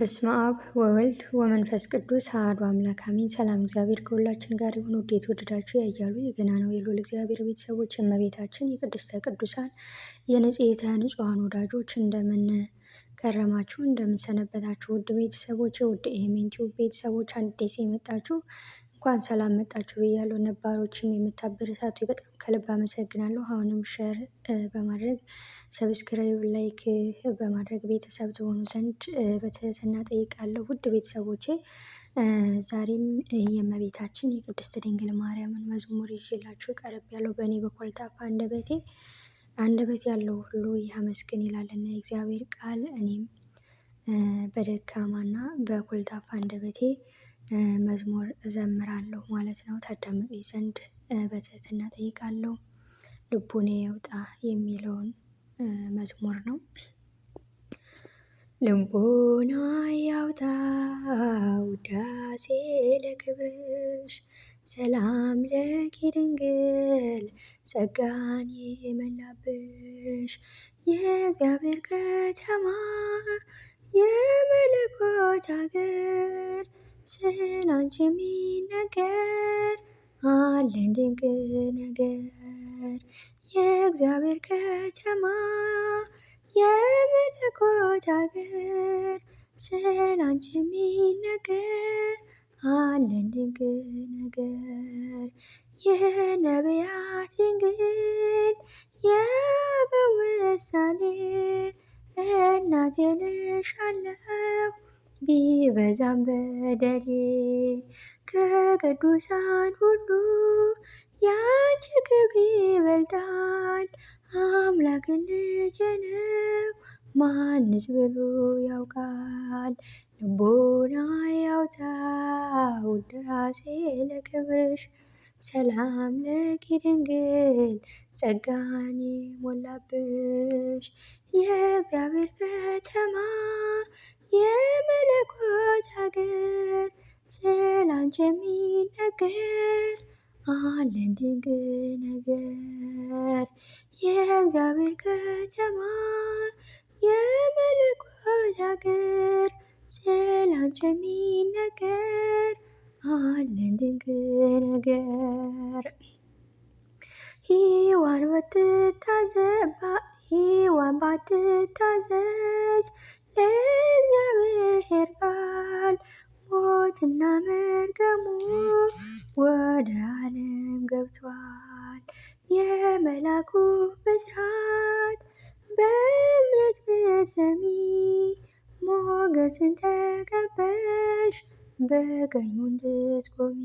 በስመ አብ ወወልድ ወመንፈስ ቅዱስ አሐዱ አምላክ አሜን። ሰላም እግዚአብሔር ከሁላችን ጋር ይሁን። ውድ የተወደዳችሁ ያያሉ የገና ነው የሎል እግዚአብሔር ቤተሰቦች እመቤታችን የቅድስተ ቅዱሳን የንጽሕተ ንጹሐን ወዳጆች እንደምን ከረማችሁ እንደምንሰነበታችሁ ውድ ቤተሰቦች ውድ ኤሜን ቤተሰቦች አዲስ የመጣችሁ እንኳን ሰላም መጣችሁ ብያለሁ። ነባሮችም የምታበረታቱ በጣም ከልብ አመሰግናለሁ። አሁንም ሸር በማድረግ ሰብስክራይብ፣ ላይክ በማድረግ ቤተሰብ ትሆኑ ዘንድ በትህትና ጠይቃለሁ። ውድ ቤተሰቦቼ ዛሬም የእመቤታችን የቅድስት ድንግል ማርያምን መዝሙር ይዤላችሁ ቀረብ ያለው በእኔ በኮልታፋ አንደበቴ አንደበት ያለው ሁሉ ያመስግን ይላልና የእግዚአብሔር ቃል እኔም በደካማና በኮልታፋ አንደበቴ መዝሙር እዘምራለሁ ማለት ነው። ታዳምጡኝ ዘንድ በትህትና ጠይቃለሁ። ልቡኔ የውጣ የሚለውን መዝሙር ነው። ልቡና ያውጣ ውዳሴ ለክብርሽ፣ ሰላም ለኪ ድንግል ጸጋን የመላብሽ፣ የእግዚአብሔር ከተማ የመለኮት አገር ስላንቺ የሚነገር አለን ድንቅ ነገር የእግዚአብሔር ከተማ የመለኮት አገር ስላንቺ የሚነገር አለን ድንቅ ነገር የነቢያት ድንግል የአበው ምሳሌ እናቴ ልሻለሁ ቢበዛም በደሌ ከቅዱሳን ሁሉ ያንቺ ክብር ይበልጣል። አምላክን ልጅ ነው ማንስ ብሎ ያውቃል? ልቦና ያውጣ ውዳሴ ለክብርሽ ሰላም ለኪ ድንግል ጸጋን ሞላብሽ የእግዚአብሔር ከተማ የመለኮት ሀገር ስላንቺ የሚነገር አለን ድንቅ ነገር የእግዚአብሔር ከተማ የመለኮት ሀገር ስላንቺ የሚነገር አለን ድንቅ ነገር ሔዋን ባትታዘዝ ሔዋን ባትታዘዝ ለእግዚአብሔር ባል ሞትና መርገሙ ወደ ዓለም ገብቷል። የመላኩ በስራት በእምነት በሰሚ ሞገስን ተቀበሽ በቀኙ እንድትቆሚ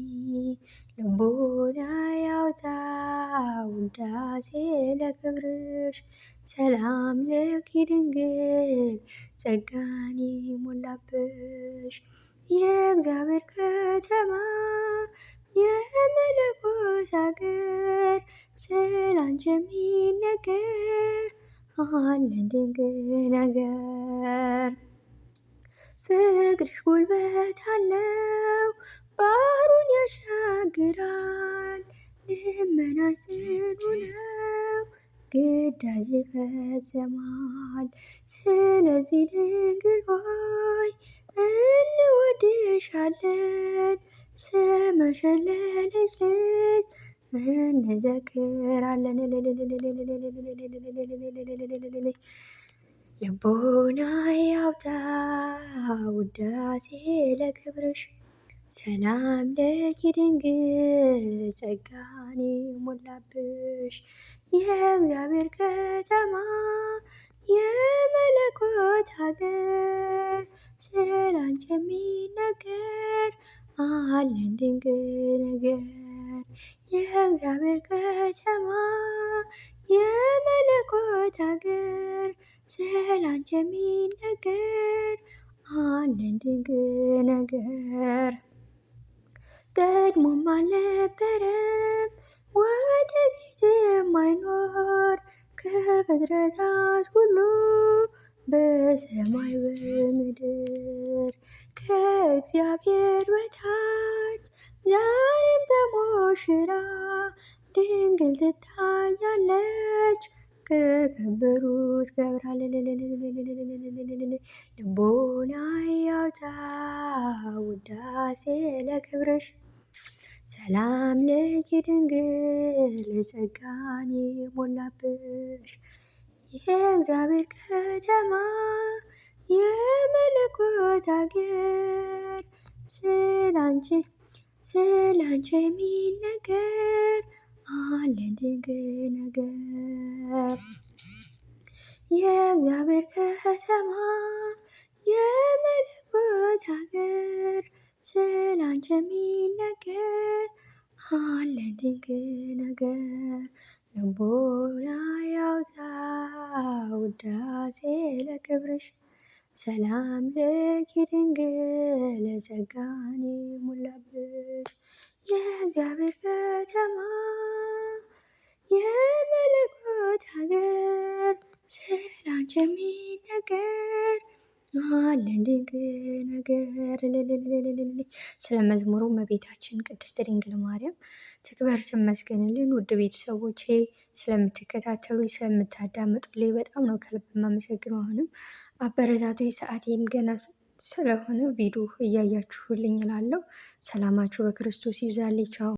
ልቦና ያውጣ ውዳሴ ለክብርሽ ሰላም ለኪ ድንግል ጸጋን ሞላብሽ የእግዚአብሔር ከተማ የመለኮት አገር ስላንቺ የሚነገር አለ ድንቅ ነገር ፍቅርሽ ጉልበት አለው ባህሩን ያሻግራል ልመና ጽኑ ነው ግዳጅ ይፈጸማል። ስለዚህ ድንግል ሆይ እንወድሻለን፣ ስምሽን ለልጅ ልጅ እንዘክራለን። ልቦና ያውጣ ውዳሴ ለክብርሽ ሰላም ለኪ ድንግል ጸጋን የሞላብሽ የእግዚአብሔር ከተማ የመለኮት ሀገር ስላንቺ የሚነገር አለን ድንቅ ነገር። የእግዚአብሔር ከተማ የመለኮት ሀገር ስላንቺ የሚነገር አለን ድንቅ ነገር። ቀድሞም አልነበረም ወደፊት የማይኖር ከፍጥረታት ሁሉ በሰማይ በምድር ከእግዚአብሔር በታች ዛሬም ተሞሽራ ድንግል ትታያለች። ከከበሩት ገብራ ልቦና ያውጣ ውዳሴ ለክብርሽ ሰላም ለኪ ድንግል ጸጋን የሞላብሽ የእግዚአብሔር ከተማ የመለኮት አገር ስላንቺ ስላንቺ የሚነገር አለ ድንቅ ነገር የእግዚአብሔር ከተማ የመለኮት አገር ስላንቺ የሚነገር አለ ድንቅ ነገር ልቦና ያውጣ ውዳሴ ለክብርሽ ሰላም ድንግል ጸጋን የእግዚአብሔር ከተማ የመለኮት ሀገር አለልግ ነገር ልልልልልል ስለ መዝሙሩ እመቤታችን ቅድስት ድንግል ማርያም ትክበር ትመስገንልን። ውድ ቤተሰቦቼ ስለምትከታተሉ ስለምታዳምጡልኝ በጣም ነው ከልብ የማመሰግነው። አሁንም አበረታቱ። ሰዓቴም ገና ስለሆነ ቪዲዮ እያያችሁልኝ እላለሁ። ሰላማችሁ በክርስቶስ ይብዛልኝ።